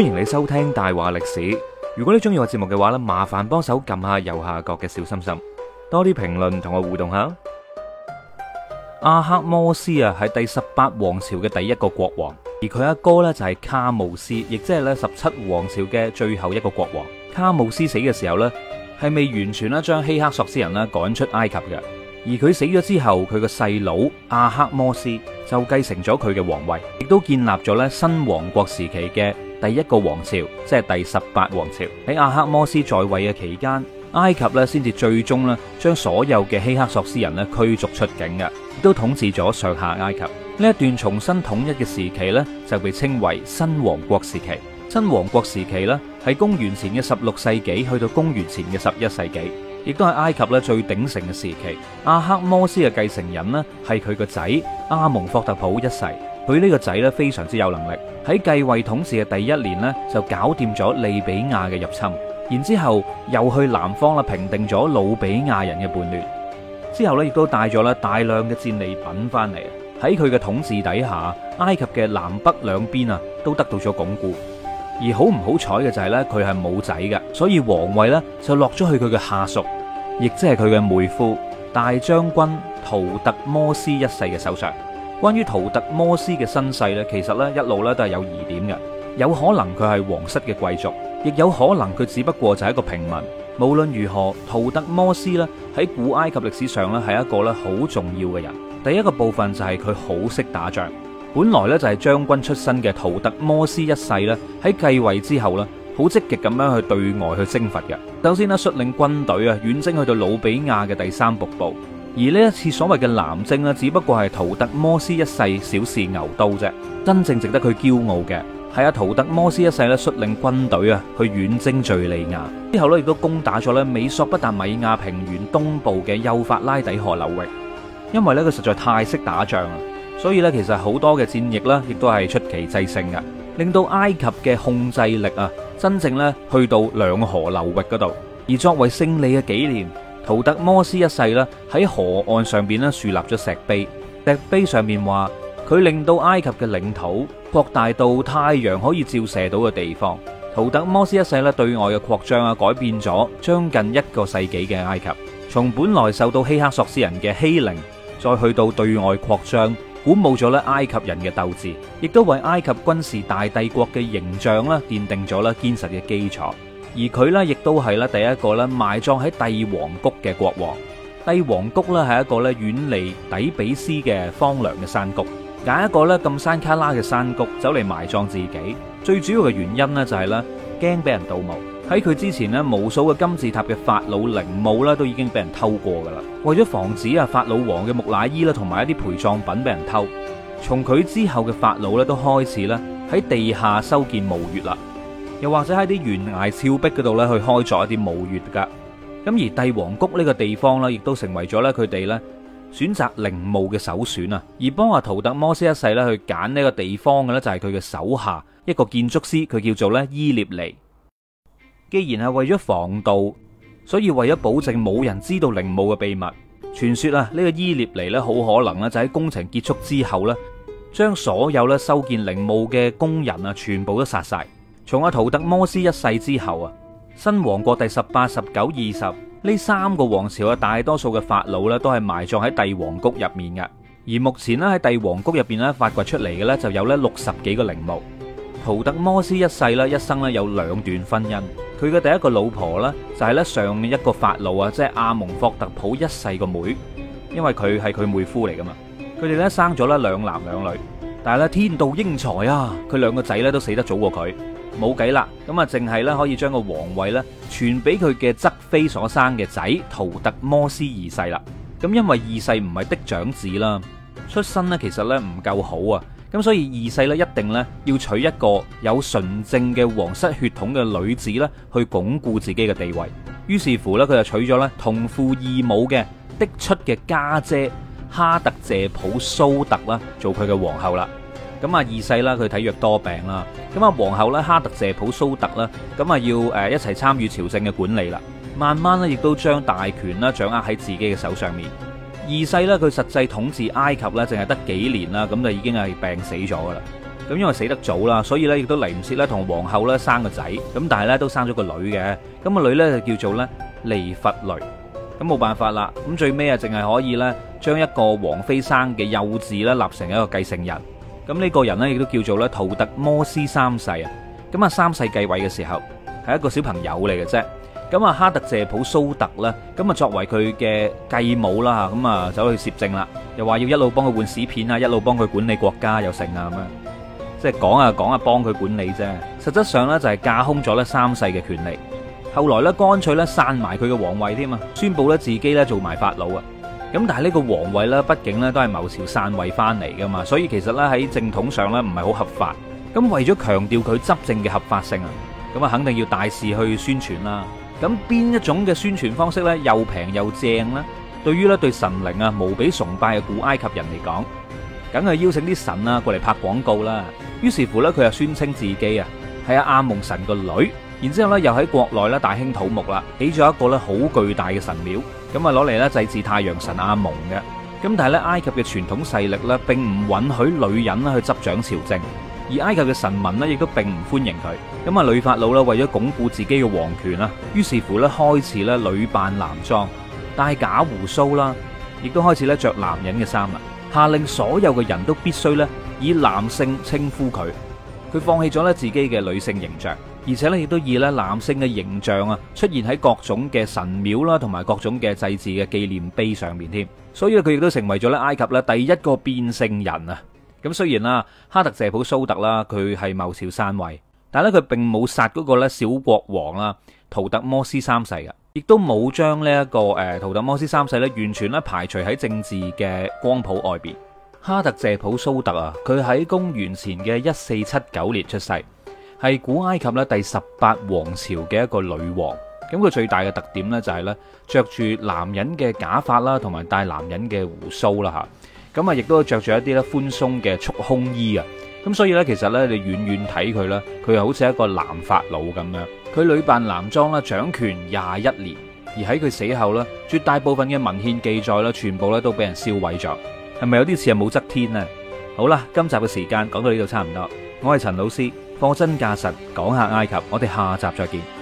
歡迎你收聽大話歷史。如果你中意我節目嘅話呢，麻煩幫手撳下右下角嘅小心心，多啲評論同我互動下。阿克摩斯啊，係第十八王朝嘅第一個國王，而佢阿哥呢就係卡姆斯，亦即係咧十七王朝嘅最後一個國王。卡姆斯死嘅時候呢，係未完全咧將希克索斯人咧趕出埃及嘅。而佢死咗之後，佢個細佬阿克摩斯就繼承咗佢嘅皇位，亦都建立咗咧新王國時期嘅。第一個王朝即係第十八王朝，喺阿克摩斯在位嘅期間，埃及咧先至最終咧將所有嘅希克索斯人咧驅逐出境嘅，亦都統治咗上下埃及。呢一段重新統一嘅時期咧就被稱為新王國時期。新王國時期咧係公元前嘅十六世紀去到公元前嘅十一世紀，亦都係埃及咧最鼎盛嘅時期。阿克摩斯嘅繼承人咧係佢個仔阿蒙霍特普一世。佢呢個仔咧非常之有能力，喺繼位統治嘅第一年呢就搞掂咗利比亞嘅入侵，然之後又去南方啦，平定咗努比亞人嘅叛亂，之後呢，亦都帶咗啦，大量嘅戰利品翻嚟。喺佢嘅統治底下，埃及嘅南北兩邊啊都得到咗鞏固。而好唔好彩嘅就係呢佢係冇仔嘅，所以王位呢就落咗去佢嘅下屬，亦即係佢嘅妹夫大將軍圖特摩斯一世嘅手上。關於圖特摩斯嘅身世咧，其實咧一路咧都係有疑點嘅，有可能佢係皇室嘅貴族，亦有可能佢只不過就係一個平民。無論如何，圖特摩斯呢喺古埃及歷史上咧係一個咧好重要嘅人。第一個部分就係佢好識打仗，本來咧就係將軍出身嘅圖特摩斯一世呢，喺繼位之後呢好積極咁樣去對外去征伐嘅。首先呢率領軍隊啊遠征去到努比亞嘅第三瀑布。而呢一次所謂嘅南征咧，只不過係圖特摩斯一世小試牛刀啫。真正值得佢驕傲嘅，係阿圖特摩斯一世咧，率領軍隊啊去遠征敘利亞之後咧，亦都攻打咗咧美索不達米亞平原東部嘅幼發拉底河流域。因爲咧佢實在太識打仗啦，所以咧其實好多嘅戰役咧，亦都係出奇制勝嘅，令到埃及嘅控制力啊，真正咧去到兩河流域嗰度。而作爲勝利嘅紀念。圖特摩斯一世啦，喺河岸上邊咧豎立咗石碑，石碑上面話佢令到埃及嘅領土擴大到太陽可以照射到嘅地方。圖特摩斯一世咧對外嘅擴張啊，改變咗將近一個世紀嘅埃及，從本來受到希克索斯人嘅欺凌，再去到對外擴張，鼓舞咗咧埃及人嘅鬥志，亦都為埃及軍事大帝國嘅形象咧奠定咗咧堅實嘅基礎。而佢呢，亦都係呢，第一個咧埋葬喺帝王谷嘅國王。帝王谷咧係一個咧遠離底比斯嘅荒涼嘅山谷，揀一個咧咁山卡拉嘅山谷走嚟埋葬自己。最主要嘅原因呢，就係呢驚俾人盜墓。喺佢之前呢，無數嘅金字塔嘅法老陵墓呢，都已經俾人偷過噶啦。為咗防止啊法老王嘅木乃伊啦同埋一啲陪葬品俾人偷，從佢之後嘅法老呢，都開始呢喺地下修建墓穴啦。又或者喺啲懸崖峭壁嗰度咧，去開咗一啲墓穴噶。咁而帝王谷呢個地方呢，亦都成為咗呢佢哋呢選擇陵墓嘅首選啊。而幫阿圖特摩斯一世呢去揀呢個地方嘅呢，就係佢嘅手下一個建築師，佢叫做呢伊涅尼。既然係為咗防盜，所以為咗保證冇人知道陵墓嘅秘密，傳說啊，呢個伊涅尼呢，好可能呢就喺工程結束之後呢，將所有呢修建陵墓嘅工人啊全部都殺晒。從阿圖特摩斯一世之後啊，新王國第十八、十九、二十呢三個王朝嘅大多數嘅法老咧，都係埋葬喺帝王谷入面嘅。而目前咧喺帝王谷入邊咧發掘出嚟嘅呢，就有咧六十幾個陵墓。圖特摩斯一世咧一生咧有兩段婚姻，佢嘅第一個老婆呢，就係咧上面一個法老啊，即係阿蒙霍特普一世個妹，因為佢係佢妹夫嚟噶嘛。佢哋呢，生咗咧兩男兩女，但係咧天妒英才啊，佢兩個仔咧都死得早過佢。冇計啦，咁啊，淨係咧可以將個皇位咧傳俾佢嘅側妃所生嘅仔圖特摩斯二世啦。咁因為二世唔係嫡長子啦，出身呢其實咧唔夠好啊，咁所以二世咧一定呢要娶一個有純正嘅皇室血統嘅女子咧去鞏固自己嘅地位。於是乎呢，佢就娶咗咧同父異母嘅嫡出嘅家姐哈特謝普蘇特啦做佢嘅皇后啦。咁啊，二世啦，佢體弱多病啦。咁啊，皇后咧哈特謝普蘇特啦，咁啊要誒一齊參與朝政嘅管理啦。慢慢咧，亦都將大權啦掌握喺自己嘅手上面。二世咧，佢實際統治埃及咧，淨係得幾年啦，咁就已經係病死咗噶啦。咁因為死得早啦，所以咧亦都嚟唔切咧同皇后咧生個仔咁，但係咧都生咗個女嘅。咁個女咧就叫做咧尼弗雷，咁冇辦法啦。咁最尾啊，淨係可以咧將一個王妃生嘅幼子咧立成一個繼承人。咁呢個人呢，亦都叫做咧圖特摩斯三世啊。咁啊，三世繼位嘅時候係一個小朋友嚟嘅啫。咁啊，哈特謝普蘇特咧，咁啊作為佢嘅繼母啦，咁啊走去攝政啦，又話要一路幫佢換屎片啊，一路幫佢管理國家又成啊咁樣。即係講啊講啊，幫佢管理啫。實質上呢，就係架空咗咧三世嘅權力。後來呢，乾脆呢，剷埋佢嘅皇位添啊，宣佈呢自己呢做埋法老啊。咁但係呢個皇位咧，畢竟咧都係某朝篡位翻嚟噶嘛，所以其實咧喺正統上咧唔係好合法。咁為咗強調佢執政嘅合法性啊，咁啊肯定要大肆去宣傳啦。咁邊一種嘅宣傳方式咧又平又正咧？對於咧對神靈啊無比崇拜嘅古埃及人嚟講，梗係邀請啲神啊過嚟拍廣告啦。於是乎咧，佢就宣稱自己啊係阿蒙神個女。然之後咧，又喺國內咧大興土木啦，起咗一個咧好巨大嘅神廟，咁啊攞嚟咧祭祀太陽神阿蒙嘅。咁但係咧，埃及嘅傳統勢力咧並唔允許女人咧去執掌朝政，而埃及嘅臣民咧亦都並唔歡迎佢。咁啊，女法老啦，為咗鞏固自己嘅王權啦，於是乎咧開始咧女扮男裝，戴假鬍鬚啦，亦都開始咧著男人嘅衫啊，下令所有嘅人都必須咧以男性稱呼佢，佢放棄咗咧自己嘅女性形象。而且咧，亦都以咧男性嘅形象啊，出現喺各種嘅神廟啦，同埋各種嘅祭祀嘅紀念碑上面添。所以佢亦都成為咗咧埃及咧第一個變性人啊！咁雖然啦，哈特謝普蘇特啦，佢係謀朝篡位，但係咧佢並冇殺嗰個咧小國王啊，圖特摩斯三世啊，亦都冇將呢一個誒圖特摩斯三世咧完全咧排除喺政治嘅光譜外邊。哈特謝普蘇特啊，佢喺公元前嘅一四七九年出世。係古埃及咧第十八王朝嘅一個女王，咁佢最大嘅特點呢，就係咧着住男人嘅假髮啦，同埋戴男人嘅胡鬚啦吓，咁啊亦都着住一啲咧寬鬆嘅束胸衣啊，咁所以呢，其實呢，你遠遠睇佢咧，佢又好似一個男法老咁樣，佢女扮男裝啦，掌權廿一年，而喺佢死後呢，絕大部分嘅文獻記載咧，全部咧都俾人燒毀咗，係咪有啲似啊武則天呢？好啦，今集嘅時間講到呢度差唔多，我係陳老師。貨真價實，講下埃及，我哋下集再見。